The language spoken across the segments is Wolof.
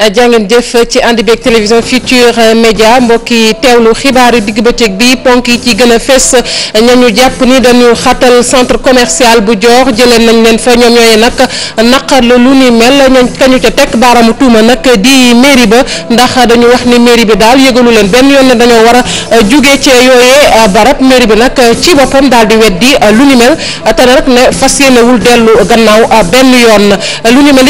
Euh, jàngeen jëf ci ànd beeg télévision Futurs euh, Médias mbokk yi teewlu xibaaru digg bëccëg bi ponk yi ci gën a fes ñañu jàpp ni dañu xatal centre commerciale bu Dior jëlee nañ leen fa ñoom ñooy nag naqarlu lu ni mel ñooñ kañu ca teg baaramu tuuma nag di mairie ba ndax dañu wax ni mairie bi daal yëgalu leen benn yoon ne dañoo war a euh, jóge ci yooyee barab mairie bi nag ci boppam daal di weddi lu ni mel te nag ne fas yéenewul dellu gannaaw benn yoon lu ni mel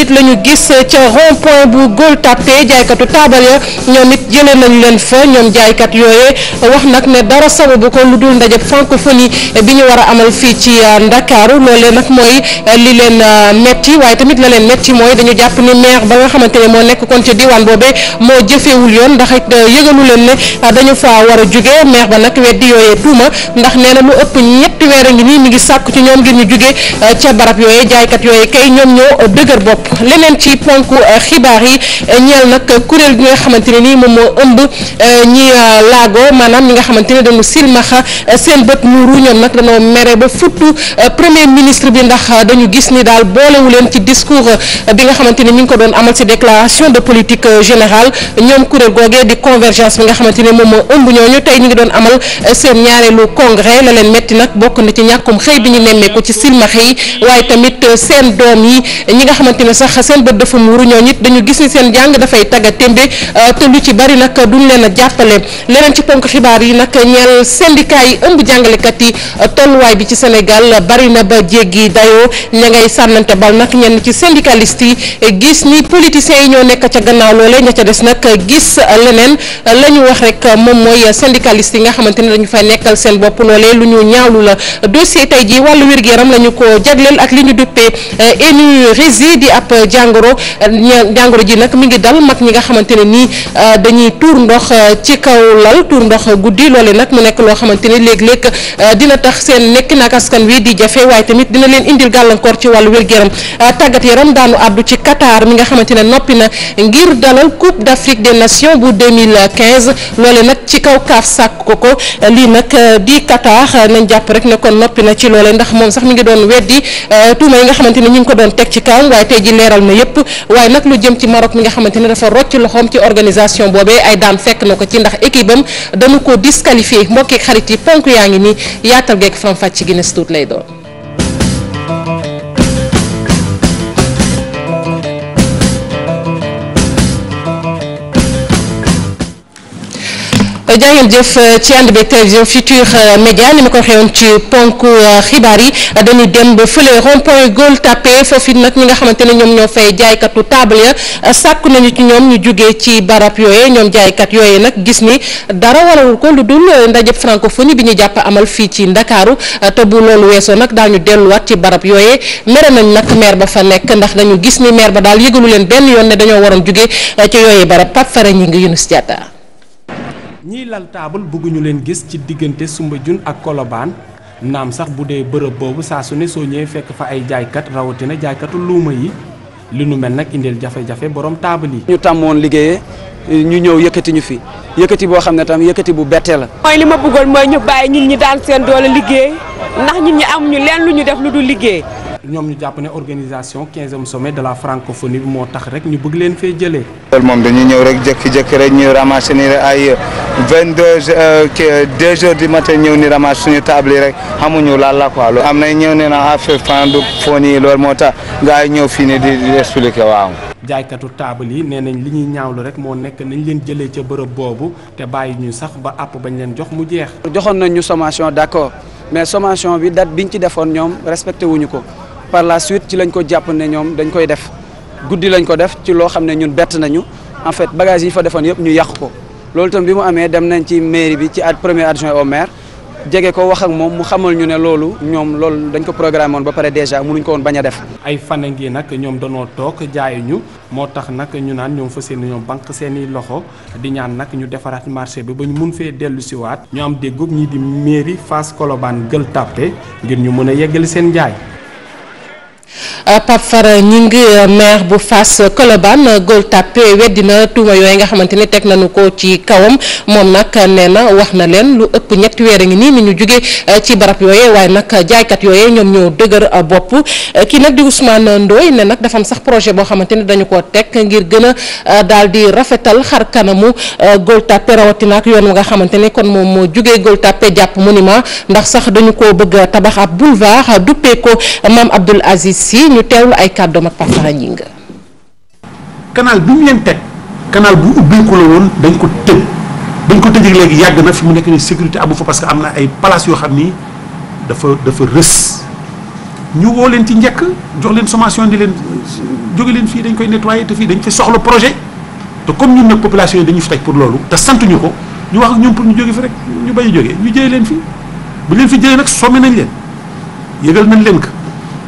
tàttee jaaykatu taabal ya ñoom it jëlee nañu leen fa ñoom jaaykat yooyee wax nag ne dara sababu ko lu dul ndajeb francophonie bi ñu war a amal fii ci euh, Ndakaaru loolee nag mooy euh, li leen euh, metti waaye tamit la leen metti mooy dañu jàpp ni maire ba nga xamante ne moo nekk kon ca diwaan boobee moo jëfewul yoon ndax yëgalu leen ne dañu faa war a jóge maire ba nag weddi yooyee tuuma ndax nee na lu ëpp ñetti weer a ngi nii mi ngi sàkku ci ñoom ngir ñu jóge ca barab yooyee jaaykat yooyee kay ñoom ñoo dëgër bopp leneen ñeel nag kuréel gi nga xamante ne nii moom moo ëmb euh, ñi euh, laago maanaam ñi nga xamante ne dañu silmaxa euh, seen bët muuru ñoom nag dañoo mere ba futtu premier ministre bi ndax dañu gis ni daal boolewu leen ci discours bi nga xamante ni ñu ngi ko doon amal ci déclaration de politique générale ñoom kuréel googee di convergence bi nga xamante ne moom moo ëmb ñu tey ñu ngi doon amal seen ñaareelu congrès la leen metti nag bokk na ci ñàkkum xëy bi ñu nemmeeku ci silmaxa yi waaye tamit seen doom yi ñi nga xamante ne sax seen bët dafa muuru ñooñu it dañu gis ni seen njàng dafay tagga témbe euh, te lu ci bari nag duñ leen a jàppale leneen ci ponk xibaar yi nag ñeel syndicat yi ëmb jàngalekat yi euh, tolluwaay bi ci Sénégal bari na ba jéggi dayoo ña ngay sànnante bal nag ñenn ci syndicaliste yi euh, gis ni politiciens yi ñoo nekk ca gannaaw loole ña ca des nag gis leneen la ñu wax rek moom mooy syndicaliste yi nga xamante ne dañu fay nekkal seen bopp loolee lu ñu ñaawlu la dossier tey jii wàllu wér-gu-yaram la ñu ko jagleel ak li ñu duppee énurésie ngi dal mag ñi nga xamante ne nii euh, dañuy tuur ndox euh, ci kaw lal tuur ndox guddi loole nag mu nekk loo xamante ne léeg-léeg euh, dina tax seen nekk nag askan wi di jafe waaye tamit dina leen indil gàllankoor ci wàllu wér-gu-yaram tàggat yaram daanu àddu ci Qatar mi nga xamante ne noppi na ngir dalal Coupe d'Afrique de Nations bu 2015 loole nag ci kaw kaaf sàkk ko ko lii nag di Qatar nañ jàpp rek ne kon noppi na ci loole ndax moom sax mi ngi doon weddi tuuma yi nga xamante ne ñu ngi ko doon teg ci kawam waaye tey ji leeral na yëpp waaye nag lu jëm ci Maroc mi nga xamante ne dafa rocc loxoom ci organisation boobee ay daan fekk na ko ci ndax équipe am dañu ko disqualifié mbokki xarit yi ponk yaa ngi ni yaatal geek faram-fàcc ci Guinness tuut lay doon. Euh, jaa ngeen jëf euh, ci ànd beeg télévision Futurs euh, Médias ni ma ko waxee ci ponk xibaar yi dañuy dem ba fële rond-point Gueule foofu nag ñi nga xamante ne ñoom ñoo jaaykatu table ya nañu ci ñoom ñu jugee ci barab yooye ñoom jaaykat yooye nag gis ni dara warawul ko lu dul ndajëb francophonie bi ñu jàpp amal fii ci Ndakaaru te bu loolu weesoo nag daañu delluwaat ci barab yooye mere nañ nag maire ba fa nekk ndax dañu gis ni maire ba daal yëgalu leen benn yoon ne dañoo waroon jugee ca yooye barab Pape Fara ñi ngi Yunus Diatta ñiy lal taabal bëgguñu leen gis ci diggante sumba jun ak kolobaan naam sax bu dee bërëb boobu saa su ne soo ñëwee fekk fa ay jaaykat rawatina jaaykatu luuma yi li nu mel nag indil jafe-jafe borom taabal yi. ñu tàmmoon liggéeyee ñu ñëw yëkkati ñu fi yëkkati boo xam ne tam yëkkati bu bette la. mooy li ma bëggoon mooy ñu bàyyi ñun ñi daan seen doole liggéey ndax ñun ñi amuñu leen lu ñu def lu dul liggéey. ñoom ñu jàpp ne organisation quinzième sommet de la francophonie bi moo tax rek ñu bëgg leen fee jëlee. loolu moom dañuy ñëw rek jékki-jékki rek ñu ramasser ni ay vingt deux euh, euh, deux heures du matin ñëw ni ramasser suñu table yi rek amuñu laal la quoi am na ñëw ne na affaire ah, francophonie yi lool moo tax gars ñëw fii nii di di waaw. jaaykatu taabal yi nee nañ li ñuy ñaawlu rek moo nekk nañ leen jëlee ca bërëb boobu te bàyyi ñu sax ba àpp bañ leen jox mu jeex. joxoon nañ ñu sommation d'accord mais sommation bi date biñ ci defoon ñoom respecté wuñu ko. par la suite ci lañ ko jàpp ne ñoom dañ koy def guddi lañ ko def ci loo xam ne ñun bett nañu en fait bagage yi fa defoon yëpp ñu yàq ko loolu itam bi mu amee dem nañ ci mairie bi ci at premier adjoint au maire jege ko wax ak moom mu xamal ñu ne loolu ñoom loolu dañ ko programme woon ba pare déjà mënuñ ko woon bañ a def. ay fan ngi nag ñoom danoo toog jaayuñu moo tax nag ñu naan ñoom fa yéene ñoom banque seen loxo di ñaan nag ñu defaraat marché bi ba ñu mun fee dellu si waat ñu am déggug ñii di mairie Fass Colobane Gueule Tapée ngir ñu mën a yeggali seen jaay. Euh, Pape Fara Ñing euh, maire bu Fass Colobane Gueule Tapée weddina tuuma yooyu nga xamante ni teg nañu ko ci kawam moom nag nee na wax na leen lu ëpp ñetti weer a ngi nii ni ñu jóge euh, ci barab yooye waaye nag jaaykat yooye ñoom ñoo dëgër bopp kii nag di Ousmane ndoy ne nag dafa sax projet boo xamante ni dañu ko teg ngir gën a daal di rafetal xar kanamu Gueule Tapée rawatina ak yoon wa nga xamante ni kon moom moo jógee Gueule Tapée jàpp monument ndax sax dañu ko bëgg tabax ab boulevard duppee ko Mame Abdoul Aziz ñu teewlu ay kàddoom ak Pape Sara Gningue. canal bi mu leen teg kanaal bu ubbeeku la woon dañ ko tëj dañ ko tëjee léegi yàgg na fi mu nekk ni sécurité amu fa parce que am na ay palace yoo xam ni dafa dafa rës ñu woo leen ci njëkk jox leen sommation di leen jóge leen fii dañ koy nettoyer te fii dañ fi soxla projet te comme ñun nag population yi dañu fi teg pour loolu te sant ñu ko ñu wax ak ñoom pour ñu jóge fi rek ñu bañ jóge ñu jëlee leen fii bu leen fi jëlee nag somme nañ leen yëgal nañ leen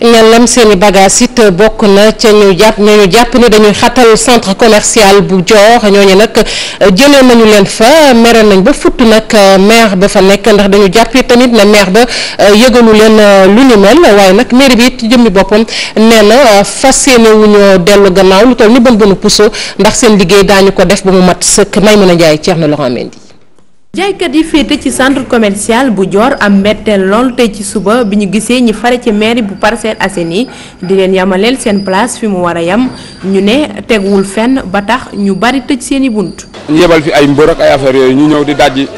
ñanam seen i bagages it euh, bokk na ca ñu jàpp ñu jàpp ni dañuy xatal centre commercial bu Dior ñooñu nag euh, jëlee nañu leen fa mere nañ ba futt nag euh, maire ba fa nekk ndax dañu jàppee tamit ne maire ba yëgalu leen lu ni mel waaye nag maire bi it jëmmi boppam nee na fas yéene wu ñu dellu gannaaw lu toll ni bën bënu puso ndax seen liggéey daañu ko def ba mu mat sëkk Maymuna Njaay Thierno Laurent Mendy jaaykat yi féete ci centre commercial bu joor am mbetteel lool tey ci suba bi ñu gisee ñi fare ci mairie bu Parcelles Assainies di leen yamaleel seen place fi mu war a yam ñu ne teguwul fenn ba tax ñu bari tëj seen i bunt. ñu yebal fi ay mbër ak ay affaire yooyu ñu ñëw di dajji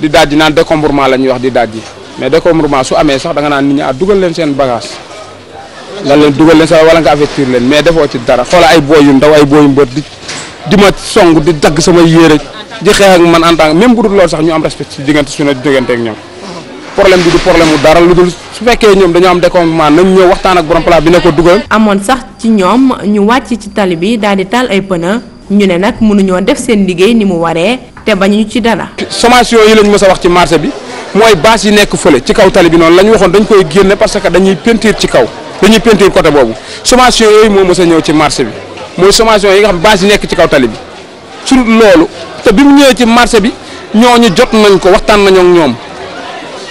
di dajji naan décombrement la ñuy wax di dajji mais décombrement su amee sax da nga naan nit ñi ah dugal leen seen bagage nga leen dugal leen sa wala nga affecté leen mais defoo ci dara xoola ay booy yu ndaw ay booy yu mbër di di ma song di dagg samay yére. di xeex ak man en tant que même bu dul loolu sax ñu am respect ci diggante suñu diggante ak ñoom problème bi du problème dara lu dul su fekkee ñoom dañoo am décomptement nañ ñëw waxtaan ak borom place bi ne dugal. amoon sax ci ñoom ñu wàcc ci tali bi daal di taal ay pneu ñu ne nag mënuñoo def seen liggéey ni mu waree te bañu ci dara. sommation yi lañ mës a wax ci marché bi mooy bâche yi nekk fële ci kaw tali bi noonu la ñu waxoon dañ koy génne parce que dañuy peinture ci kaw dañuy peinture côté boobu sommation yooyu moo mës a ñëw bi mooy sommation yi nga xam nekk ci kaw tali te bi mu ñëwee ci marché bi ñoo ñu jot nañ ko waxtaan nañoo ak ñoom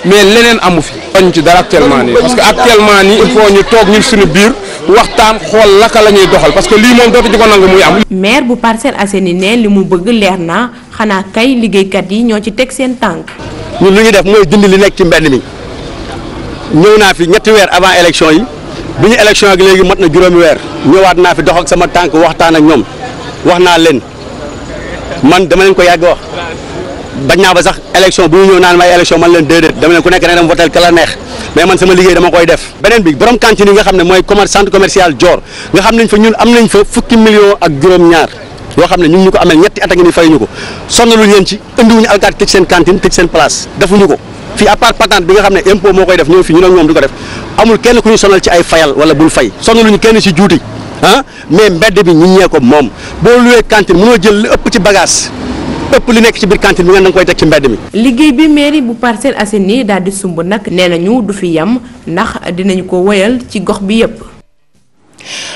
mais leneen amu fi. bañ ci dara actuellement nii parce que actuellement nii il faut ñu toog ñun suñu biir waxtaan xool laka la ñuy doxal parce que lii moom dootu ci ko nangu muy am. maire bu Parcelles Assainies ne li mu bëgg leer naa xanaa kay liggéeykat yi ñoo ci teg seen tànk. ñun lu ñu def mooy dindi li nekk ci mbenn mi ñëw naa fi ñetti weer avant élection yi bi ñu élection ak léegi mat na juróomi weer ñëwaat naa fi dox ak sama tànk waxtaan ak ñoom wax naa leen. man dama leen ko yàgg wax bañ naa ba sax élection bu ñu ñëw naan may élection man leen déedéet dama leen ku nekk na dem votel ka neex mais man sama liggéey dama koy def beneen bi borom cantine nga xam ne mooy commerce centre commercial Dior nga xam nañ fa ñun am nañ fa fukki million xam ne ñu ngi ñu ko amel ñetti at a ngi ni fayuñu ko sonnaluñ leen ci indiwuñu alkaat tëj seen cantine tëj seen place defuñu ko fii à part bi nga xam ne impôt moo koy def ñëw fi ñun ak ñoom du ko def amul kenn ku ñu sonal ci ay fayal wala bul fay sonnaluñu kenn ci ah mais mbedd bi ñun ñee ko moom boo luwee cantine mënoo jël li ëpp ci bagage ëpp li nekk ci biir cantine bi nga danga koy teg ci mbedd mi. liggéey bi mairie bu Parcelles Assainies daal di sumb nag nee nañu du fi yam ndax dinañu ko woyal ci gox bi yëpp.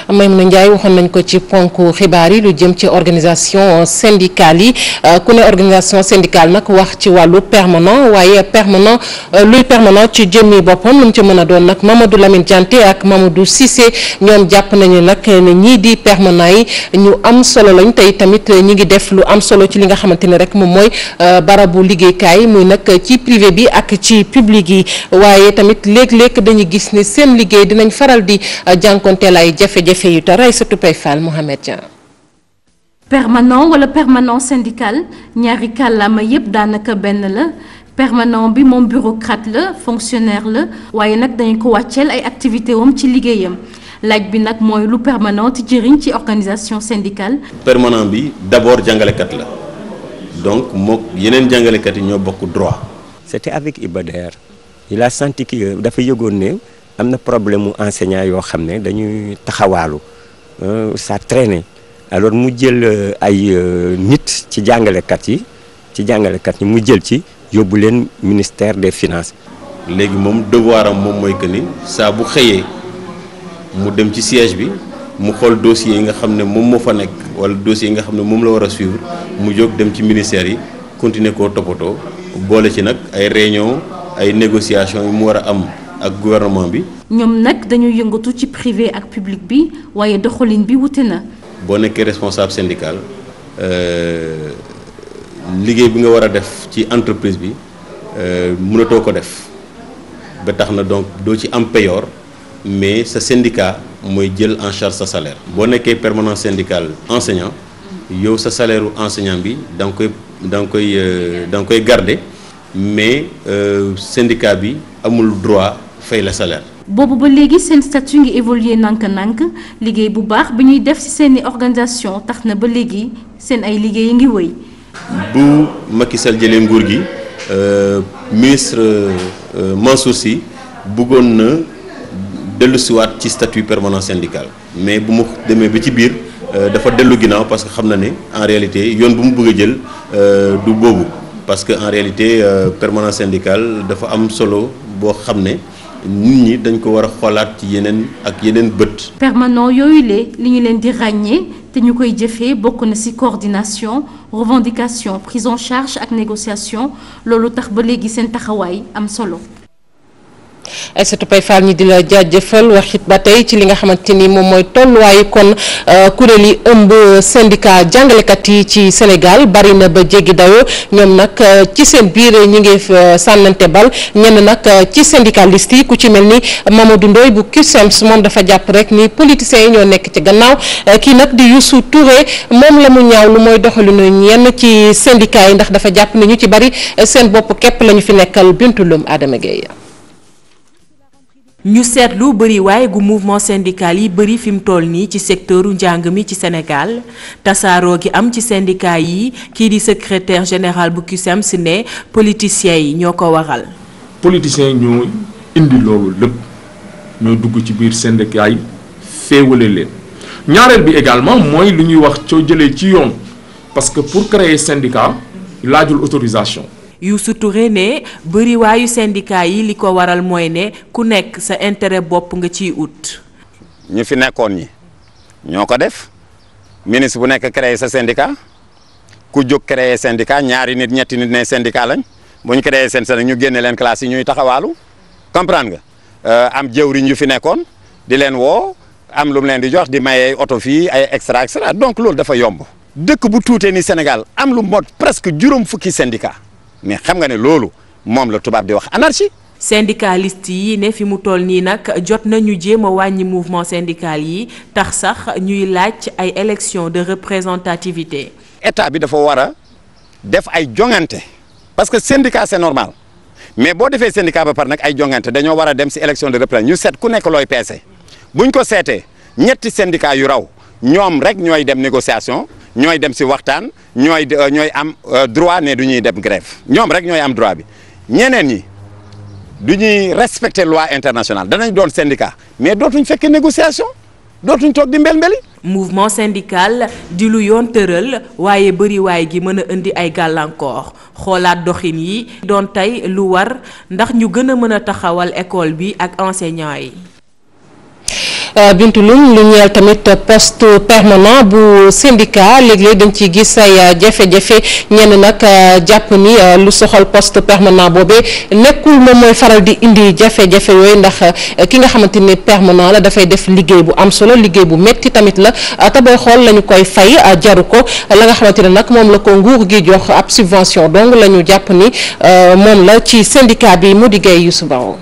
ma Maimouna Ndiaye waxoon nañ ko ci ponk xibaar yi lu jëm ci organisation syndicale yi euh, ku ne organisation syndicale nag wax ci wàllu permanent waaye permanent euh, luy permanent ci jëmmi boppam lu mu ci mën a doon nag Mamadou Lamine Diante ak Mamadou Cissé ñoom jàpp nañu nag ne ñii di permanent yi ñu am solo lañ tey tamit ñu ngi def lu am solo ci li nga xamante ne rek moom mooy euh, barabu liggéeykaay muy nag ci privé bi ak ci public yi waaye tamit léeg-léeg dañu gis ni seen liggéey dinañ faral di jànkonteel jafe-jafe yu taray surtout pay Fall Mouhamed Dia permanent wala permanent syndical ñaari kàllaama yépp daanaka benn la permanent bi moom bureaucrate la fonctionnaire la waaye nag dañu ko wàcceel ay activité wam ci liggéeyam laaj bi nag mooy lu permanent ti jëriñ ci organisation syndicale permanent bi d'abord jàngalekat la donc mook yeneen jàngalekat yi ñoo bokk droit c'était avec Iba Der il a senti dafa yëgoon ne am na problème mu enseignant yoo xam ne dañuy taxawaalu euh, ça traîne alors mu jël euh, ay euh, nit ci jàngalekat yi ci jàngalekat yi mu jël ci yóbbu leen ministère des finances. léegi moom devoir am moom mooy que ni saa bu xëyee mu dem ci siège bi mu xool dossiers yi nga xam ne moom moo fa nekk wala dossiers yi nga xam ne moom la war a suivre mu jóg dem ci ministère yi continuer koo toppatoo boole ci nag ay réunion ay négociation yi mu war a am. ak gouvernement bi. ñoom nag dañu yëngatu ci privé ak public bi waaye doxalin bi wute na. boo nekkee responsable syndical euh, liggéey bi nga war a def ci entreprise bi euh, munatoo ko def ba tax na donc doo ci am payoor mais sa syndicat mooy jël en charge sa salaire. boo nekkee permanence syndical enseignant yow sa salaire u enseignant bi da koy da nga koy garde euh, nga koy garder mais syndicat bi amul droit. fay la salaire. boobu ba léegi seen statut ngi évoluer nànk-nànk liggéey bu baax bi ñuy def ci seeni organisation tax na ba léegi seen ay liggéey a ngi wëy. bu Macky Sall jëlee nguur gi euh, ministre euh, Mansour Sy bëggoon na dellusiwaat ci statu permanent syndical mais bu mu demee ba ci biir. Euh, dafa dellu ginnaaw parce que xam na ne en réalité yoon bu mu bëgg a jël du boobu parce que en réalité permanence syndicale dafa am solo boo xam ne nit ñi dañ ko war a xoolaat ci yeneen ak yeneen bët. permanent yooyu lee li ñu leen di ràññee te ñu koy jëfee bokk na ci coordination revendication prise en charge ak négociation loolu tax ba léegi seen taxawaay am solo. Aïssatou Paye Fall ñi di la jaajëfal wax it ba tey ci li nga xamante ni moom mooy tolluwaayu kon euh, kuréel yi ëmb syndicat jàngalekat yi ci Sénégal bari na ba jeggi dayoo ñoom nag euh, ci seen biir ñu ngi euh, sànnante bal ñenn nag ci syndicaliste yi ku ci mel ni Mamadou Ndoye bu CUSEMS moom dafa jàpp rek ni politiciens yi ñoo nekk ci gannaaw kii nag di Youssou Touré moom la mu ñaaw lu mooy doxalinu ñenn ci syndicat yi ndax dafa jàpp ni ñu ci bari seen bopp képp la ñu fi nekkal Bintu Loum Adama Gueye ñu seetlu bëri waaye gu mouvement syndical yi bëri fi mu toll nii ci secteuru njàng mi ci Sénégal tasaaroo gi am ci syndicat yi kii di secrétaire général bukki bu si ne politiciens yi ñoo ko waral. politiciens yi ñoo indi loolu lépp ñoo dugg ci biir syndicat yi féewale leen ñaareel bi également mooy lu ñuy wax coo jëlee ci yoon parce que pour créer syndicat laajul autorisation. Youssou Touré ne bëriwaayu syndicat yi li ko waral mooy ne ku nekk sa intérêt bopp nga ciy ut. ñu fi nekkoon ñi ñoo ko def ministre bu nekk créé sa syndicat ku jóg créé syndicat ñaari nit ñetti nit ne syndicat lañ bu ñu créé seen syndicat ñu génne leen classe yi ñuy taxawaalu comprendre nga euh, am jëwriñ yu fi nekkoon di leen woo am lu mu leen di jox di maye oto fii ay extra extra donc loolu dafa yomb. dëkk bu tuutee ni Sénégal am lu mot presque juróom fukki syndicat mais xam nga ne loolu moom la tubaab di wax anarchie. syndicaliste yi ne fi mu toll nii nag jot nañu jéem a wàññi mouvement syndical yi tax sax ñuy laaj ay élection de représentativité. état bi dafa war a def ay jongante parce que syndicat c'est normal mais boo defee syndicat ba par nag ay jongante dañoo war a dem ci élection de représentativité ñu seet ku nekk looy peese buñ ko seetee ñetti syndicat yu raw. ñoom rek ñooy dem négociation ñooy dem si waxtaan ñooy euh, ñooy am euh, droit ne du ñuy dem grève ñoom rek ñooy am droit bi ñeneen ñi du ñuy respecter loi internationale danañ doon syndicat mais dootuñ fekk négociation dootuñ toog di mbel-mbeli mouvement syndical di lu yoon tëral waaye bëriwaay gi mën a indi ay gàllankoor xoolaat doxin yi doon tey lu war ndax ñu gën a mën a taxawal école bi ak enseignants yi Euh, Bintu Loum lu ñeel tamit poste permanent bu syndicat léeg-léeg dañ ciy gis ay euh, jafe-jafe ñenn nag euh, jàpp ni lu soxal poste permanent boobee nekkul moom mooy faral di indi jafe-jafe yooyu ndax ki nga xamante ni permanent la dafay def liggéey bu am solo liggéey bu metti tamit la te booy xool lañu ñu koy fay jaru ko la nga xamante ne nag moom la ko nguur gi jox ab subvention donc la ñu jàpp ni moom la ci syndicat bi mu di Gaye Youssou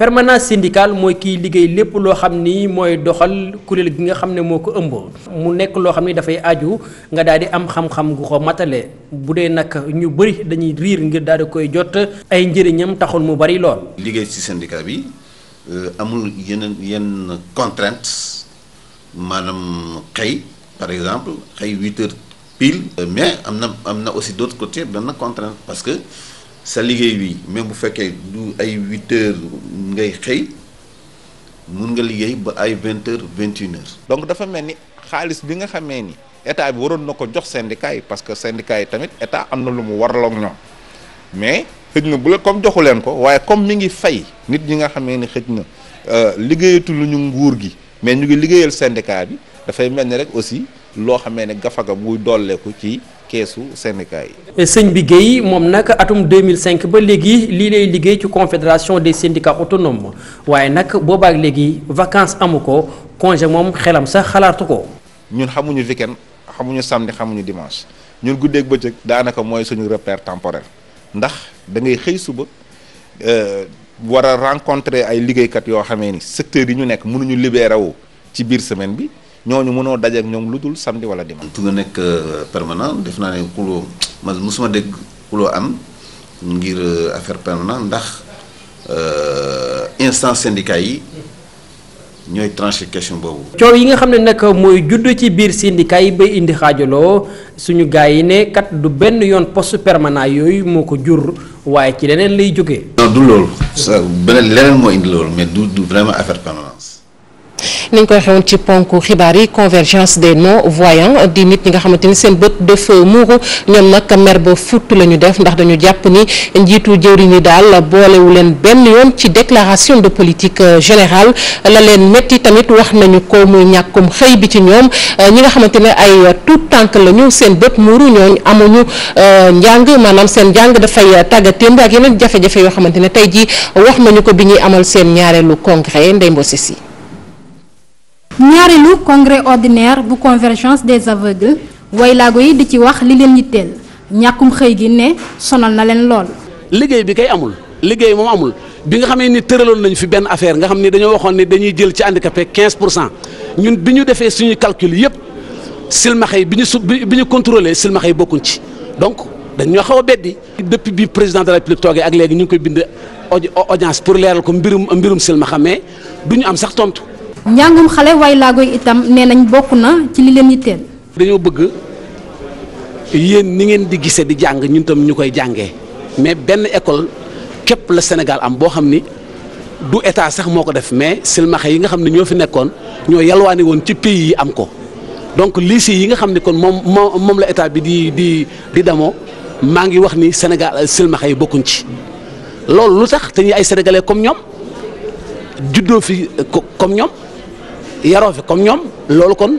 permanence syndicale mooy kiy liggéey lépp loo xam ni mooy doxal kuréel gi nga xam ne moo ko ëmb. mu nekk loo xam ni dafay aju nga daal di am xam-xam gu ko matale bu dee nag ñu bëri dañuy riir ngir daal di koy jot ay njëriñam taxul mu bari lool. liggéey ci syndicat bi euh, amul yeneen yenn contraintes maanaam xëy par exemple xëy huit heures pile. Euh, mais am na am na aussi d'autres côtés benn contrainte parce que. sa liggéey bi mais bu fekkee du ay huit heures ngay xëy mun nga liggéey ba ay vingt heures vingt une heures. donc dafa mel ni xaalis bi nga xamee ni état bi waroon na ko jox syndicat yi parce que syndicat yi tamit état am na lu mu waraloon ñoom mais xëj na bu la comme joxu leen ko waaye comme mi ngi fay nit ñi nga xamee ni xëj na euh, liggéeyatu lu ñu nguur gi mais ñu ngi liggéeyal syndicat bi dafay mel ni rek aussi loo xamee ne gafaga buy dolleeku ci. keesu syndicat yi. sëñ bi Guèye moom nag atum 2005 ba léegi lii lay liggéey ci confédération des syndicats autonomes waaye nag boobaak léegi vacances amu ko congé moom xelam sax xalaatu ko. ñun xamuñu weekend xamuñu samedi xamuñu dimanche ñun guddeeg bëccëg daanaka mooy suñu repère temporel ndax da ngay xëy suba euh, war a rencontrer ay liggéeykat yoo xamee ni secteur yi ñu nekk mënuñu libéré wu ci biir semaine bi. ñooñu mënoo dajeek ñoom lu dul samedi wala dimanche. tu nga nekk euh, permanent def naa ne xuloo man mosuma dégg xuloo am ngir euh, affaire permanent ndax euh, instant syndicat yi. ñooy tranché question boobu. coow yi nga xam ne nag mooy judd ci biir syndicat yi ba indi xaajaloo suñu gars yi ne kat du benn yoon post permanent yooyu moo ko jur waaye ci leneen lay jóge non du loolu. sa leneen moo indi loolu mais du du vraiment affaire permanence. ni ñu ko waxee ci ponk xibaar yi convergence des non voyants di nit ñi nga xamante ni seen bët def muuru ñoom nag mer ba futt la ñu def ndax dañu jàpp ni njiitu jëwriñ yi daal boolewu leen benn yoon ci déclaration de politique euh, général la leen metti tamit wax nañu ko muy ñàkkum xëy bi ci ñoom euh, ñi nga xamante ne ay tout tànk la ñu seen bët muuru ñooñu amuñu euh, njàng maanaam seen njàng dafay tàggatémb ak yeneen jafe-jafe yoo xamante ne tey jii wax nañu ko bi ñuy amal seen ñaareelu congrès Ndeye si ñaareelu congrès ordinaire bu convergence des aveugles waylaago yi di ci wax li leen yitteel ñàkkum xëy gi ne sonal na leen lool. liggéey bi kay amul liggéey moom amul bi nga xamee ni tëraloon nañu fi benn affaire nga xam ni dañoo waxoon ni dañuy jël ci handicapé 15 pour cent ñun bi ñu defee suñu calcul yëpp silmaxa yi bi ñu su bi ñu contrôlé silmaxa yi bokkuñ ci donc dañoo ñoo xaw a beddi. depuis bi président de la toogee ak léegi ñu ngi koy bind audience pour leeral ko mbirum mbirum silmaxa mais du am sax tontu. njàngum xale waaye laago yi itam nee nañ bokk na ci li leen yitteel. dañoo bëgg yéen ni ngeen di gisee di jàng ñun tam ñu koy jàngee mais benn école képp la Sénégal am boo xam ni du état sax moo ko def mais silmaxe yi nga xam ne ñoo fi nekkoon ñoo yalwaani woon ci pays yi am ko donc lycée yi nga xam ne kon moom moom la état bi di di di demoo maa ngi wax ni Sénégal silmaxa yi bokkuñ ci loolu lu sax te ñuy ay sénégalais comme ñoom juddoo fi comme ñoom. yaroo fi comme ñoom loolu kon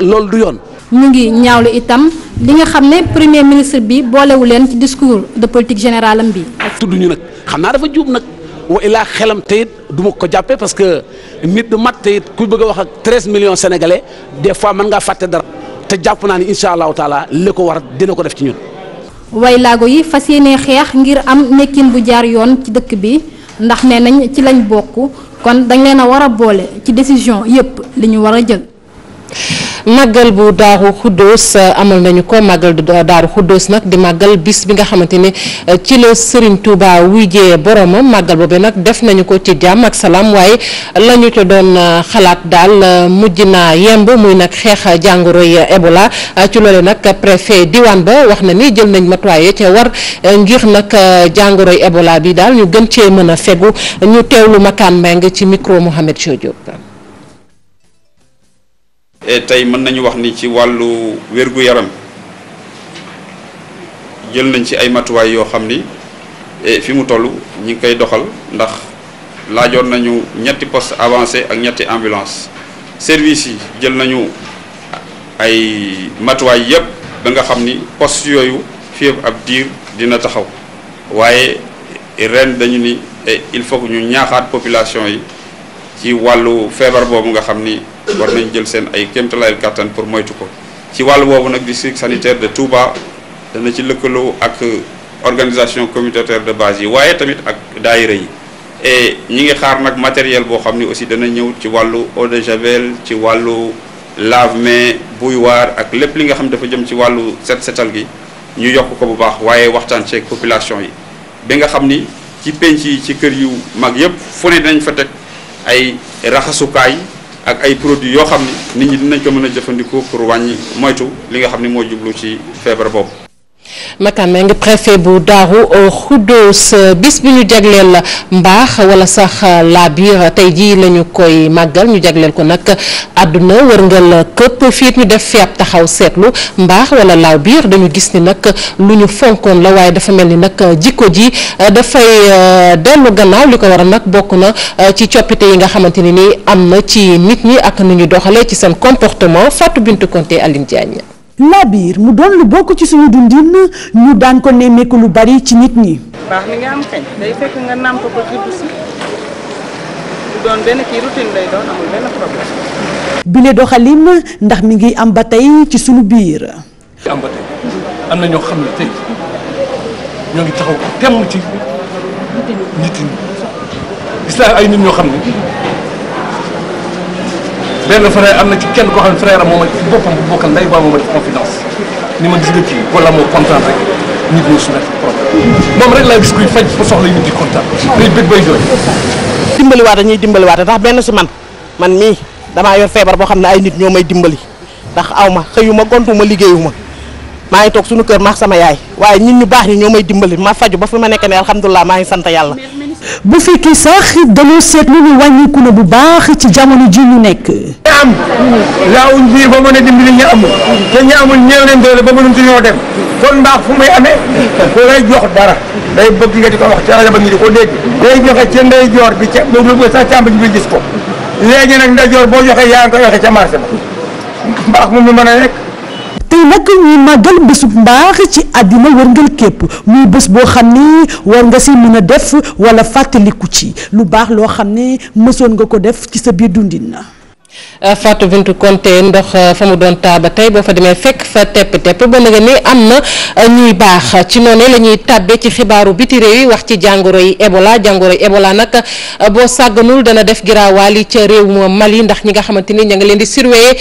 loolu du yoon. mu ngi ñaawlu itam li nga xam ne premier ministre bi boolewu leen ci discours de politique générale am bi. tudd ñu nag xam naa dafa juub nag wa ilaa xelam te du ma ko jàppee parce que nit du mat te wax ak treize millions sénégalais des fois mën ngaa fàtte dara te jàpp naa ni incha allahu taala li ko war dina ko def ci ñun. waylaago yi fas yéene xeex ngir am nekkin bu jaar yoon ci dëkk bi. ndax nee nañ ci lañ bokk kon dañ leen a war a boole ci décision yépp li ñu war a jël. màggal bu daaru xuddoos euh, amal nañu ko màggal daaru xuddoos nag di màggal bis bi nga xamante ne euh, ci la Serigne Touba wujjee boromam màggal boobu nag def nañu ko ci jàmm ak salaam waaye la ñu doon euh, xalaat daal mujj na yemb muy nag xeex jàngoroy Ebola ci loole nag préfet diwaan ba wax na ni jël nañ matuwaay ci war ngir nag jàngoroy Ebola bi daal ñu gën cee mën a fegu ñu teewlu makaan mbeng ci micro Mohamed Diop. Eh, tey mën nañu wax ni ci wàllu wér-gu-yaram jël nañ ci ay matuwaay yoo xam ni eh, fi mu toll ñi ngi koy doxal ndax laajoon nañu ñetti poste avancé ak ñetti ambulance service yi jël nañu ay matuwaay yépp ba nga xam ni post yooyu fii ab diir dina taxaw waaye ren dañu ni eh, il faut que ñu ñaaxaat population yi ci wàllu feebar boobu nga xam ni war nañ jël seen ay kéemtalaayu kàttan pour moytu ko ci wàllu boobu nag district sanitaire de Touba dana ci lëkkaloo ak organisation communautaire de base yi waaye tamit ak daayira yi et ñi ngi xaar nag matériel boo xam ni aussi dana ñëw ci wàllu eau de javel ci wàllu lave-mains bouilloire ak lépp li nga xam dafa jëm ci wàllu set setal gi ñu yokk ko bu baax waaye waxtaan ceeg population yi bi nga xam ni ci penc yi ci kër yu mag yëpp fu ne dinañ ay raxasukaay ak ay produits yoo xam ni nit ñi dinañ ko mën a jëfandikoo pour wàññi moytu li nga xam ni moo jublu ci feebar boobu. nga préfet bu Daaru Xuddoos bis bi ñu jagleel mbaax wala sax laa biir tey jii lañu koy màggal ñu jagleel ko nag àdduna wërngal këpp fiit ñu def fi ab taxaw seetlu mbaax wala laaw biir dañu gis ni nag lu ñu fonkoon la waaye dafa mel ni nag jikko ji dafay euh, dellu gannaaw li ko waral nag bokk na euh, ci coppite yi nga xamante ne ni am na ci nit ñi ak nu ñu doxalee ci seen comportement Fatou Bintou Conté Aline Diagne laabiir mu doon lu bokk ci suñu dundin ñu daan ko nemmeeku lu bari ci nit ñi. baax ni nga am kañ day fekk nga nàmp ko juddu si du doon doxalin ndax mi ngi am ba tey ci suñu biir. am na ñoo xam ne ngi taxaw temm ci nit ñi gis naa ay nit ñoo xam ne. benn frère am na ci kenn koo xam ne frère am moo ma ci boppam bu ma def confidence ni ma gis nga kii wala moo kontaan rek nit ñi su nekk problème moom rek laa gis kuy faj ba soxla nit di kontaan day bëgg bay jooy dimbaliwaat dañuy dimbaliwaat ndax benn si man man mii damaa yor feebar boo xam ne ay nit ñoo may dimbali ndax aw ma xëyuma gontuma liggéeyuma maa ngi toog suñu kër maax sama yaay waaye nit ñu baax ñi ñoo may dimbali ma faju ba fi ma nekk ne alhamdulilah maa ngi sant yàlla bu fekkee sax dañoo seetlu ñu wàññiku na bu baax ci jamono ji ñu nekk. ñi am laawuñ biir ba mën a dimbali ñi amul te ñi amul ñëw leen doole ba mënut ñoo dem kon mbaax fu muy amee ku lay jox dara day bëgg nga di ko wax ci rajo ko dégg. day joxe ca ndey joor bi ca ba mu sax càmb bi gis ko léegi nag ndey joor boo joxe yaa ngi koy joxe ca marché ba mbaax mu mën a nekk. tey nag ñuy màggal bésub mbaax ci àddina wërngal képp muy bés boo xam ni war nga si mën a def wala fàttaliku ci lu baax loo xam ne mësoon nga ko def ci sa biir dundin na Euh, Fatou Bintou Konté ndox euh, fa mu doon taa ba tey boo fa demee fekk fa tepp tepp ba nga ni am euh, la ñuy tàbbe ci xibaaru biti réew wax ci jàngoro yi Ebola jàngoro yi Ebola nag boo sàgganul def giraawaal yi ca réew ma Mali ndax ñi nga xamante ni ña ngi leen di surveiller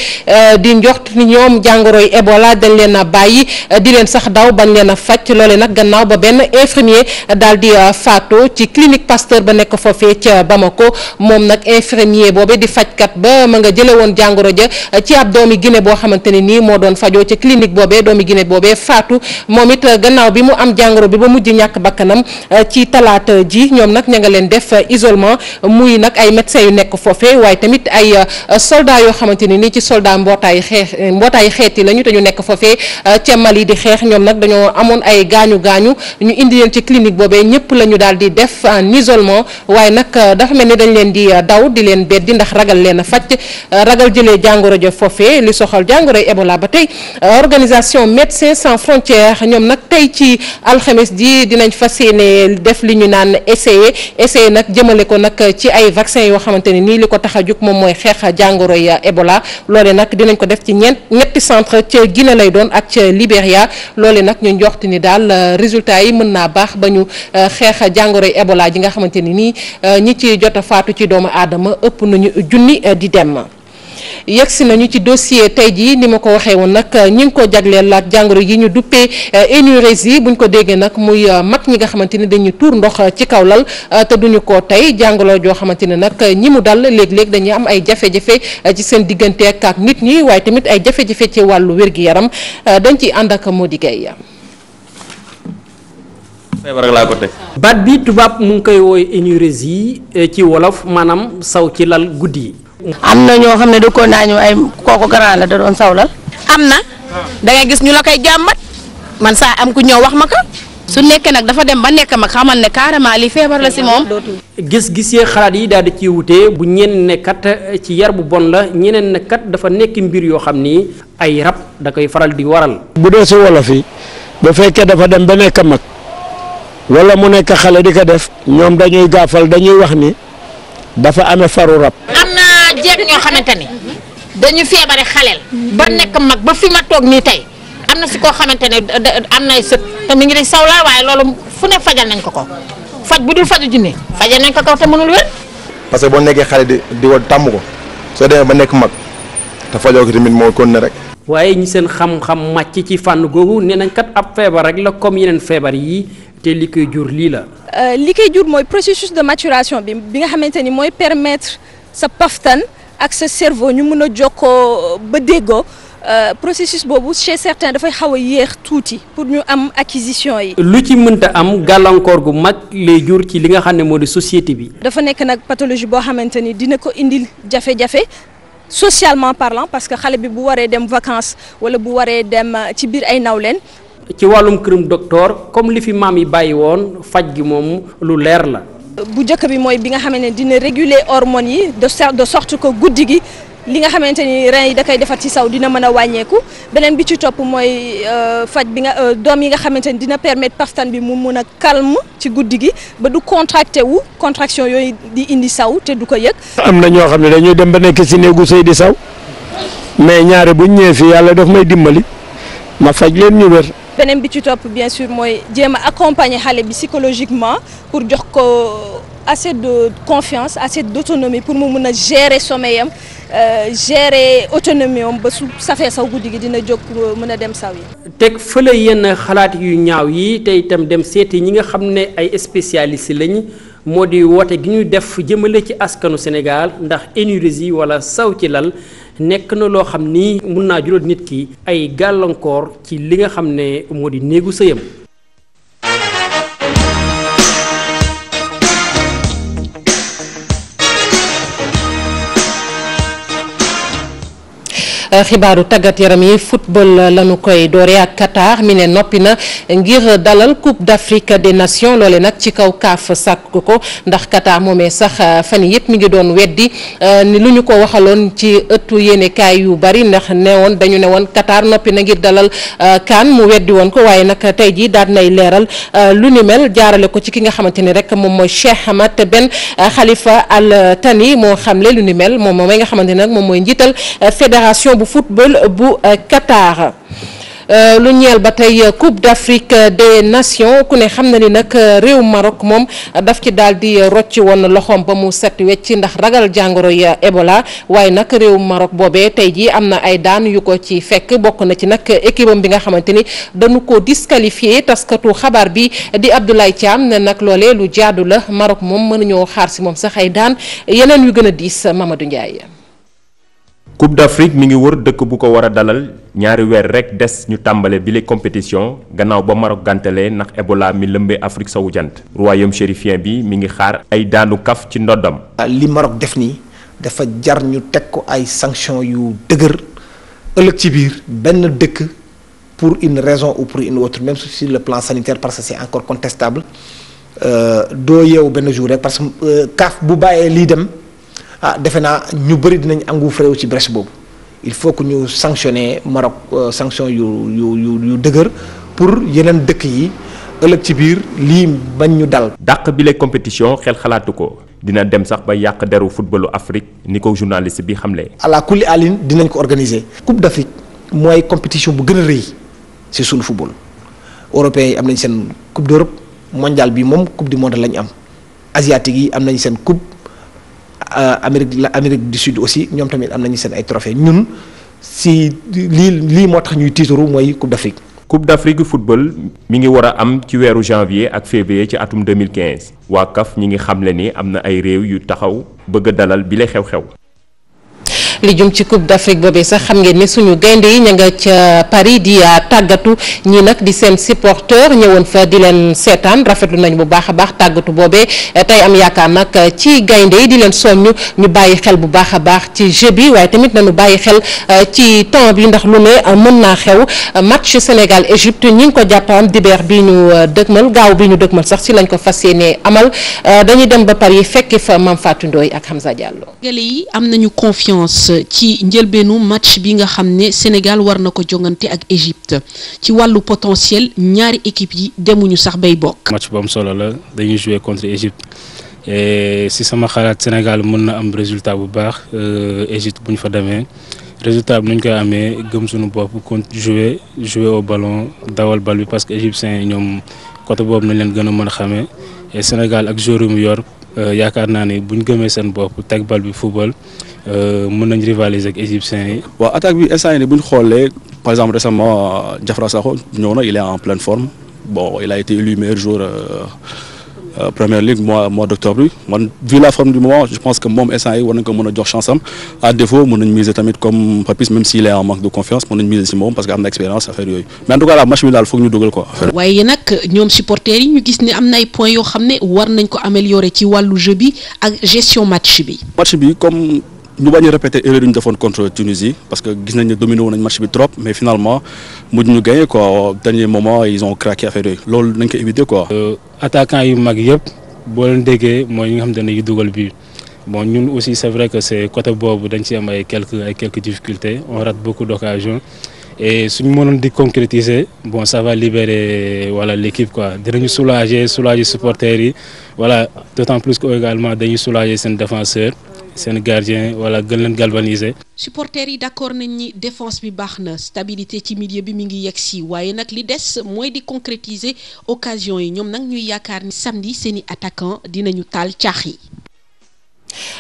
di njoxt ni ñoom jàngoro yi Ebola dañ leen a bàyyi di leen sax daw bañ leen a faj loole nag ba benn infirmier daal di faatu ci clinique Pasteur ba nekk foofee ca Bamako moom nag infirmier boobe di fajkat ba nga jële woon jàngoro ja eh, ci ab doomi Guinée boo xamante ne nii moo doon fajoo ci clinique boobee doomi Guinée boobee faatu moom it eh, gannaaw bi mu am jàngoro bi ba mujj ñàkk bakkanam eh, ci talaata ji ñoom nag ña nga leen def isolement muy nag ay médecins yu nekk foofe waaye tamit ay soldats yoo xamante ne nii ci soldat mbootaayu xeex mbootaayu xeet yi lañu te ñu nekk foofee ca yi di xeex ñoom nag dañoo amoon ay gaañu gaañu ñu indi leen ci clinique boobee ñëpp la ñu daal di def en isolement waaye nag dafa mel ni dañ leen di daw di leen beddi ndax ragal leen a faj Euh, ragal jëlee jàngoro ja foofee li soxal jàngoroy Ebola ba tey euh, organisation médecins sans frontières ñoom nag tey ci alxames ji dinañ fas yéene def li ñu naan essayer essayer nag jëmale ko nag ci ay vaccin yoo xamante ne nii li ko tax a jug moom mooy xeex ya Ebola loole nag dinañ ko def ci ñeent ñetti centre ca gine lay doon ak ca Libéria loole nag ñu njoxti ni daal euh, résultat yi mën naa baax ba ñu xeex jàngoroy Ebola ji nga xamante ni nii ñi ci jot a doomu aadama ëpp yegsi nañu ci dossier tey jii ni ma ko waxee woon nag ñi ngi ko jagleel laat jàngoro yi ñu duppee eh, énurésie buñ ko déggee nag muy eh, mag ñi nga xamante ni dañuy tuur ndox eh, ci kaw lal te duñu ko tey jàngoro joo xamante ne nag ñi mu dal léeg-léeg dañuy am ay jafe-jafe ci seen diggante ak nit ñi waaye tamit ay jafe-jafe ci wàllu wér-gi-yaram dañ ciy ànd ak Mody Gueye baat bi tubaab mu ngi koy wooy énurésie ci wolof maanaam saw ci lal guddi yi am na ñoo xam ne dëkkoon naa ñu ay kooku grand la da doon sawlal. am na ah. da gis ñu la koy jàmbat man saa am ku ñëw wax ma ko su nekkee nag dafa dem ba nekk mag xamal ne carrément li feebar la si moom. gis-gis xalaat yi daal di ci wutee bu ñenn ne kat ci yar bu bon la ñeneen kat dafa nekk mbir yoo xam ni ay rab da koy faral di waral. bu dee si wolof yi bu fekkee dafa dem ba nekk mag wala mu nekk xale di ko def ñoom dañuy gaafal dañuy wax ni dafa ame faru rab. jeeg ñoo xamante ne dañu feebare xaleel ba nekk mag ba fi ma toog nii tey am na si koo xamante ne am nay sët te mi ngi di saw laa waaye loolu fu ne fajal nañ ko ko faj bu dul faju junne fajal nañ ko ko te mënul wér parce que boo nekkee xale di di ko tàmm ko soo demee ba nekk mag te fajoo ko tamit moo kon ne rek waaye ñu seen xam-xam màcc ci fànn googu nee nañ kat ab feebar rek la comme yeneen feebar yi te li koy jur lii la euh, li koy jur mooy processus de maturation bi bi nga xamante ni mooy permettre sa paftan ak sa cerveau ñu mën a jokkoo euh, ba déggoo euh, processus boobu chez certains dafay xaw a yéex tuuti pour ñu am acquisition yi. lu ci mënta am gàllankoor gu mag lay jur ci li nga xam ne moo di société bi. dafa nekk nag pathologie boo xamante ni dina ko indil jafe-jafe. socialement parlant parce que xale bi bu waree dem vacances wala bu waree dem euh, ci biir ay nawleen. ci wàllum këram docteur comme li fi maam yi bàyyi woon faj gi moom lu leer la. bu njëkk bi mooy bi nga xamante ne dina réguler hormones yi de de sorte ko guddi gi li nga xamante ni rein yi da koy defar ci saw dina mën a wàññeeku beneen bi ci topp mooy euh, faj bi nga euh, doom yi nga xamante ni dina permettre pastan bi mu mën a calme ci guddi gi ba du contracté wu contraction yooyu di indi saw te du ko yëg. am na ñoo xam ne dañuy dem ba nekk si néegu sëy di saw mais ñaare bu ñëwee fii yàlla daf may dimbali ma faj leen ñu beneen bi ci topp bien sûr mooy jéem a accompagner xale bi psychologiquement pour jox ko assez de confiance assez d'autonomie pour mu mun a gérer sommeil am euh, gérer autonomie am ba su safee saw guddi gi dina jóg mën a dem saw yi. teg fële yenn xalaat yu ñaaw yi te itam dem seeti ñi nga xam ne ay spécialistes lañ moo di woote gi ñu def jëmale ci askanu Sénégal ndax énurésie wala saw ci lal. nekk na loo xam ni mun naa jural nit ki ay gàllankoor ci li nga xam ne moo di néegu sëyam xibaaru tàggat yaram yi football lañu koy doore ak Qatar mi ne noppi na ngir dalal Coupe d'Afrique de Nations loole nag ci kaw kaaf sàkk ko ndax Qatar moomee sax fan yëpp mi ngi doon weddi euh, ni lu ñu ko waxaloon ci ëttu yéenekaay yu bari ndax ne woon dañu ne woon Qatar noppi na ngir dalal kaan euh, mu weddi woon ko waaye nag tey jii daad nay leeral euh, lu ni mel jaarale ko ci ki nga xamante ni rek moom mooy Cheikh Hamad benn xalifa Al Thani moo xamle lu mel moom mooy nga xamante ni moom mooy njiital bu bu euh, Qatar. Euh, lu ñeel ba tey euh, Coupe d'Afrique des Nations ku ne xam na ni nag réew Maroc moom daf ci daal di rocci woon loxoom ba mu set wecc ndax ragal jàngoro ya Ebola waaye nag réew Maroc boobee tey jii am na ay daan yu ko ci fekk bokk na ci nag équipe bi nga xamante ni dañu ko disqualifié taskatu xabaar bi di Abdoulaye Thiam ne nag loolee lu jaadu la Maroc moom mën na mënuñoo xaar si moom sax ay daan yeneen yu gën a diis Mamadou Ndiaye. Coupe d'Afrique mi ngi wër dëkk bu ko war a dalal ñaari weer rek des ñu tàmbale bile compétition gannaaw ba Maroc gantalee ndax Ebola mi lëmbee Afrique sowu jant. royaume chérifien bi mi ngi xaar ay daanu kaf ci ndoddam. Ah, li Maroc def nii dafa jar ñu teg ko ay sanctions yu dëgër ëllëg ci biir benn dëkk pour une raison ou pour une autre même sur le plan sanitaire parce que c'est encore contestable euh, doo yeewu benn jour parce que euh, kaaf bu bàyyee lii dem. ah defe naa ñu bëri dinañ anguuf réew ci brèche boobu il faut que ñu sanctionner Maroc euh, sanction yu yu yu yu dëgër pour yeneen dëkk yi ëllëg ci biir lii bañ ñu dal. dàq bi la compétition xel xalaatu ko dina dem sax ba yàq deru footballu Afrique ni ko journaliste bi xamle. ala kulli alin dinañ ko organiser. coupe d'Afrique mooy compétition bu gën a rëy ci sunu football européens yi am nañ seen coupe d'Europe mondial bii moom coupe du monde lañ am asiatique yi am nañ seen coupe. Euh, Amérique la Amérique du Sud aussi ñoom tamit am nañu seen ay trophées ñun si lii lii moo tax ñuy tiitaru mooy Coupe d'Afrique. Coupe d'Afrique football mi ngi war a am ci weeru janvier ak février ci atum 2015 waa kaf ñi ngi xamle ni am na ay réew yu taxaw bëgg dalal bi lay xew-xew. li ci coupe d'Afrique boobee sax xam ngeen ne suñu gaynde yi ña nga ca Paris di ah, tàggatu ñi nag di seen supporter ñëwoon fa di leen seetaan rafetlu nañ bu baax a baax tàggatu boobee tey am yaakaar nag ci gaynde yi di leen soññu ñu bàyyi xel bu baax a baax ci jeu bi waaye tamit nañu bàyyi xel ah, ci temps bi ndax lu ne ah, mën naa xew match Sénégal Égypte ñi ngi ko jàppam dibeer bi ñu dëgmal gaaw bi ñu dëgmal sax si lañ ko fas yéenee amal dañuy dem ba yi fekki fa Mame ak Hamza Diallo. Sénégalais ci njëlbeenu match bi nga xam ne Sénégal war na ko jongante ak Égypte ci wàllu potentiel ñaari équipe yi demuñu sax bay bokk. match bu solo la dañuy jouer contre Égypte et si sama xalaat Sénégal mën na am résultat bu baax euh, Égypte bu ñu fa demee résultat bi nuñ koy amee gëm suñu bopp contre jouer jouer au ballon dawal bal bi parce que égyptiens yi ñoom côté boobu nañ leen gën a mën a xamee et Sénégal ak joueur yu mu yor yaakaar naa ni buñ gëmee seen bopp teg bal bi football. Euh, mën nañ rivaliser ak égyptiens yi. waaw attaque bi instant yii bu xoolee par exemple récemment Diafra Sakho ñëw na il est en pleine forme il a été élu meilleur joueur euh, euh, première ligue mois mois d' man vu la du moment je pense que moom instant yii war nañ ko mën a jox chance am à défaut mën nañ miser tamit comme Papis même s' il est en manque de confiance mën nañ miser si moom parce que am na expérience affaire yooyu mais en tout match bi daal foog ñu dugal xam ne war nañ ko améliorer ci wàllu jeu bi ak gestion ñu bañ a répété erreur yi ñu defoon contre Tunisie parce que gis nañ ne dominé woon nañ match bi trop mais finalement mujj ñu gagné quoi dernier moment ils ont craqué affaire yooyu loolu nañ ko éviter quoi. Euh, attaquant yu mag yëpp boo leen déggee mooy ñi nga xamante ne yu dugal bi bon ñun aussi c' est vrai que c' est côté boobu dañ ci am ay quelques ay quelques difficultés on rate beaucoup d' occasions di concrétiser bon ça va libérer voilà l' équipe quoi dinañu soulager soulager supporters yi voilà d' autant plus que également dañuy soulager seen défenseur. seen gardien wala gën leen galvaniser. supporters yi d'accord nañ ni défense bi baax na stabilité ci milieu bi mu ngi yegg si waaye nag li des mooy di concrétiser occasion yi ñoom nag ñuy yaakaar ni samedi seeni attaquant dinañu taal caax yi.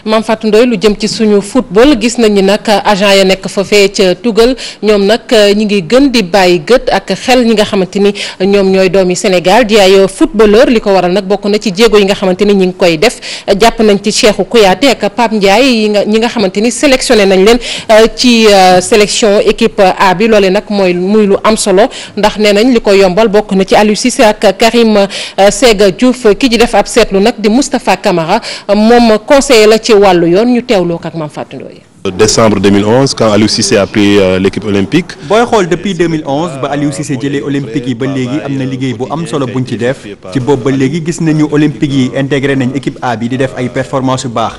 Mame Fatou Ndoye lu jëm ci suñu football gis nañu nag agent ya nekk foofee ca tugal ñoom nag euh, ñi ngi gën di bàyyi gët ak xel ñi nga xamante ni ñoom ñooy doomi Sénégal di ay footballeur li ko waral nag bokk na ci jéego yi nga xamante ni ñi ngi koy def jàpp nañ ci Cheikhou Kouyaté ak Pape Ndiaye yi nga ñi nga xamante ni sélectionné nañ leen euh, ci euh, sélection équipe A bi loole nag mooy muy lu am solo ndax nee nañ li ko yombal bokk na ci Aliou Cissé ak Karim Sega Diouf ki ji def ab seetlu nag di Moustapha Camara moom conseiller tey la ci wàllu yoon ñu teewloo ak Mame Fatou Ndoye décembre 2011 quand Aliou Cissé a pris euh, l'équipe olympique. booy xool depuis ba Aliou Cissé jëlee olympique yi ba léegi am na liggéey bu am solo buñ ci def ci boobu ba léegi gis nañu olympique yi intégré nañ équipe A bi di def ay performances yu baax.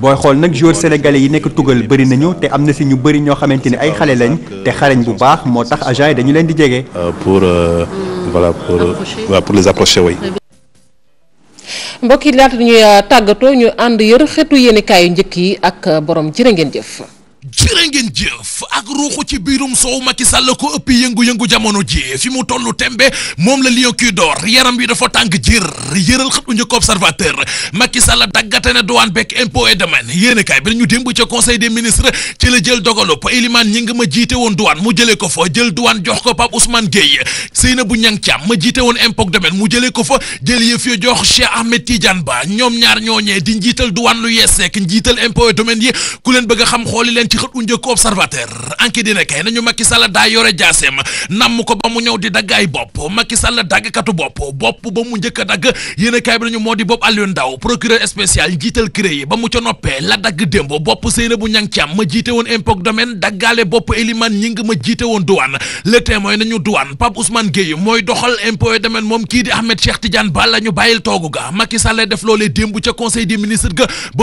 booy xool nag joueurs sénégalais yi nekk tugal bari nañu te am na si ñu bëri ñoo xamante ni ay xale lañ te xarañ bu baax moo tax agent yi dañu leen di jege. pour euh, pour euh, euh pour les mbokk yi laata ñuy euh, tàggatoo ñu ànd yër xetu yéenekaay yu njëkk yi ak euh, borom jërë ngeen jëf. jërë ngeen jëf ak ruuxu ci biirum soow Macky Sall ko ëpp yëngu-yëngu jamono ji fi mu tollu tembe moom la lion kii door yaram wi dafa tàng jër yëral xët u njëkk observateur Macky la daggate na douane beeg impôt et domaine yéen kaay bi ñu démb ca conseil des ministres ci la jël dogalub Elimane Ñing ma jiite woon douane mu jëlee ko fa jël douane jox ko Pape Ousmane Gueye Seynabou Niang Thiam ma jiite woon impôt domaine mu jëlee ko fa jël yëf ya jox Cheikh Ahmed Tidiane Ba ñoom ñaar ñooñee di njiital douane lu yeeseek njiital impôt et domaine yi ku leen bëgg xam ci xët u njëkk observateur anki dina kay nañu Macky Sall daa yore jaaseem namm ko ba mu ñëw di dagg ay bopp Macky Sall daggkatu bopp bopp ba mu njëkk dagg yéen kay bi nañu moo di bopp Aliou Ndao procureur spécial jiital cré yi ba mu ca noppee la dagg démb bopp Seyna bu ñang càam ma jiite woon impôt domaine daggaale bopp Eliman ñing ma jiite woon douane le témoin nañu douane Pape Ousmane Gueye mooy doxal impôt domaine moom kii di Ahmed Cheikh Tidiane Ba la ñu bàyyil toogu ga Macky def loolee démb ca conseil des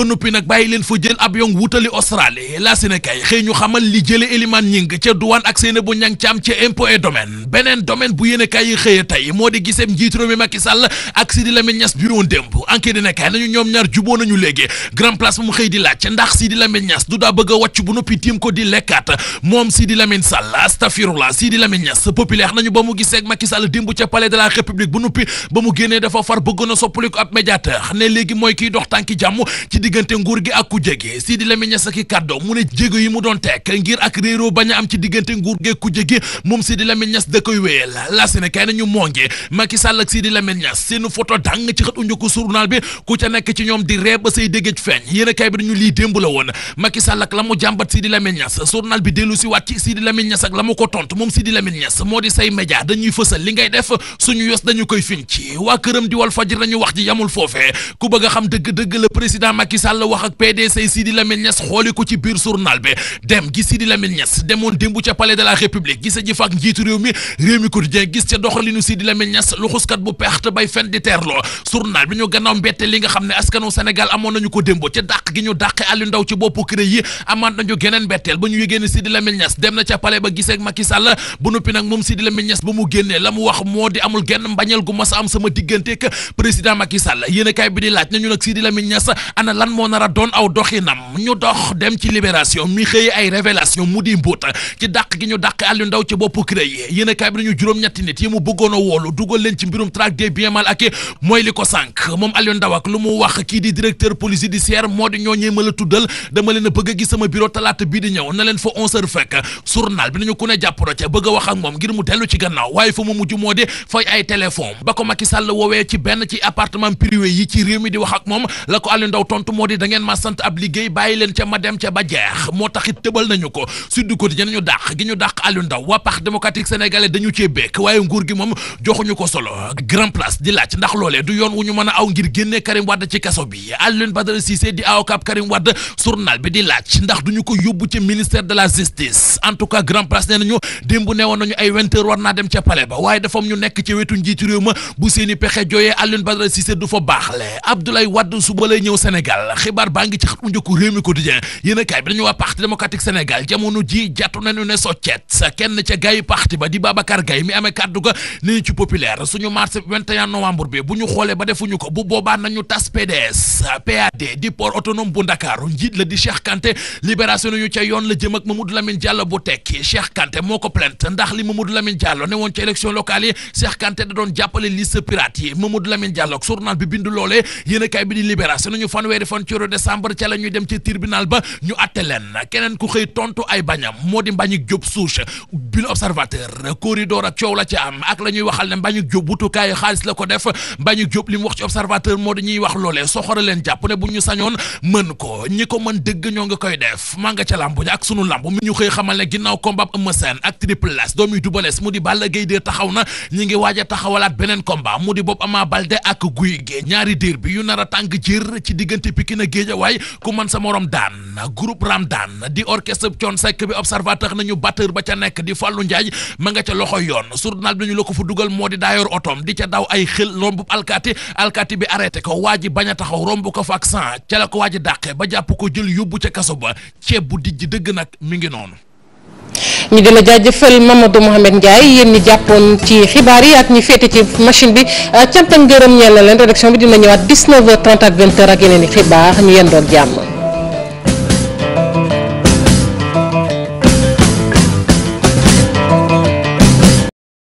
noppi nag bàyyi leen fa jël ab yong wutali Australie la kay xëy ñu xamal li jële Eliman Ñing ca douane ak Seynabou Niang Thiam ca impôt et domaine beneen domaine bu yéene yi xëye tey moo di giseem njiitu réew mi Macky Sall ak Sidi Lamine Niass bi woon démb enquête di laaj ndax Sidi Lamine Niass du daa bëgg a wàcc bu noppi tiim ko di lekkaat moom Sidi Lamine Sall astafirullah Sidi Lamine Niass populaire nañu ba mu gisee ak Macky Sall démb palais de la République bu noppi ba mu génnee dafa far bëggoon a ab médiateur ne léegi mooy kiy dox tànki jàmm ci diggante nguur gi ak ku jege jéego yi mu doon tekk ngir ak réeroo bañ a am ci diggante nguur geeg kujje gi moom Sidi Lamine Niass da koy wéyal la si ne kay nañu monge Macky ak Sidi Lamine Niass seenu photo dang ci xët u njëkk journal bi ku ca nekk ci ñoom di ree ba say déggeej feeñ yéen a kay bi dañu lii démb la woon Macky Sall ak la mu jàmbat Sidi Lamine Niass journal bi dellu si waat ci Sidi Lamine Niass ak la mu ko tontu moom Sidi Lamine Niass moo di say média dañuy fësal li ngay def suñu yos dañu koy fiñ ci waa këram a xam journal bi dem gis Sidi Lamine Niass demoon démb ca palais de république gisa ji fa njiitu réew mi réew mi quotidien gis ca doxalinu Sidi Lamine Niass lu xuskat bu perte bay fen di teerloo journal bi ñu gannaaw mbette li nga xam ne askanu Sénégal amoon nañu ñu geneen mbetteel ba ñu yégée ne Sidi Lamine Niass dem na ca palais ba gisee ak Macky Sall bu noppi nag moom Sidi Lamine Niass ba mu génnee la mu wax moo di amul genn mbañeel gu mas a am sama diggante ak président a Diop mi xëy ay révélation mu di mbuuta ci dàq gi ñu dàq Aliou Ndao ci bopp CREI yi yéen a kaay bi nañu juróom-ñetti nit yi mu bëggoon woolu dugal leen ci mbirum traque des biens mal acquis mooy li ko sànq moom Aliou Ndao ak lu mu wax kii di directeur police judiciaire moo di ñooñee ma la tuddal dama leen bëgg a gis sama bureau talaata bii di ñëw na leen fa onze heures fekk bi nañu ku ne jàpp na ca bëgg a wax ak moom ngir mu dellu ci gannaaw waaye fa mu mujj moo di fay ay téléphone ba ko Macky Sall woowee ci benn ci appartement privé yi ci réew mi di wax ak moom la ko Aliou Ndao moo di da ma sant ab liggéey bàyyi leen ca ma dem ca ba jeex moo taxit tëbal nañu ko Sud du Quotidien ñu dàq gi ñu dàq Aliou Ndao waa Parti dañu cee bekk waaye nguur gi moom joxuñu ko solo grand place di laaj ndax loolee du yoon wu ñu mën a aw ngir génne Karim Wade ci kaso bi Alioune Badara Cissé di awkab Karim Wade journal bi di laaj ndax duñu ko yóbbu ci ministère de la justice en tout cas grand place nee nañu démb neewoon nañu ay vingt heures dem ca palais ba waaye dafa ñu nekk ci wetu njiitu réew ma bu seeni pexe jooyee Alioune Badara Cissé du fa baaxle Abdoulaye Wade suba lay baa ngi ci xat mu njëkku parti démocratique Sénégal jamono ji jàttu nañu ne soccet kenn ca gaay parti ba di Babacar Gaye mi amee kàddu ga ni ci populaire suñu marché 21 bi bu ñu xoolee ba defuñu ko bu boobaa nañu tas PDS PAD di port autonome bu Ndakaaru njiit la di Cheikh Kanté libération nañu ca yoon la jëm ak Mamadou Lamine Diallo bu tekki Cheikh Kanté moo ko plainte ndax li Mamadou Lamine Diallo ne woon ca élection locale yi Cheikh Kanté da doon jàppale liste pirate bi bindu loolee a kaay bi di benn keneen ku xëy tontu ay bañam moo di Mbagnick Diop Souche bi l'Observateur corridor ak coow la ci am ak la ñuy waxal ne Mbagnick Diop wutukaayu xaalis la ko def Mbagnick Diop li mu wax ci observateur moo di ñuy wax loolee soxore leen jàpp ne bu ñu sañoon mën ko ñi ko mën dëgg ñoo ngi koy def maa nga ca làmbu ak sunu làmb mi ñu xëy xamal ne ginnaaw combat Eumeu Sène ak Triple Less doomi dubales mu di Balla Gaye de taxaw na ñi ngi waaj a taxawalaat beneen combat mu di bopp Ama Baldé ak Gouye Gui ñaari diir bi yu nar a tàng jër ci diggante Pikine ak Guédiawaye ku mën sa morom daan groupe Ramdan na di orchestre Thione Seck bi observateur nañu batteur ba ca nekk di Fallou Ndiaye ma nga ca loxo yoon journal bi nañu la ko fa dugal moo di daayoor otoom di ca daw ay xël rombu alkaati alkaati bi arrêté ko waa ji bañ a taxaw romb ko fa ak san ca la ko waaj ji ba jàpp ko jël yóbbu ca kaso ba ceeb bu dijj dëgg nag mi ngi noonu ñu di la jaajëfal Mamadou Mohamed Ndiaye yéen ñi jàppoon ci xibaar yi ak ñi féete ci machine bi euh, cant ak ngërëm ñeel na leen rédaction bi dina ñëwaat 19h30 ak 20h ak yeneen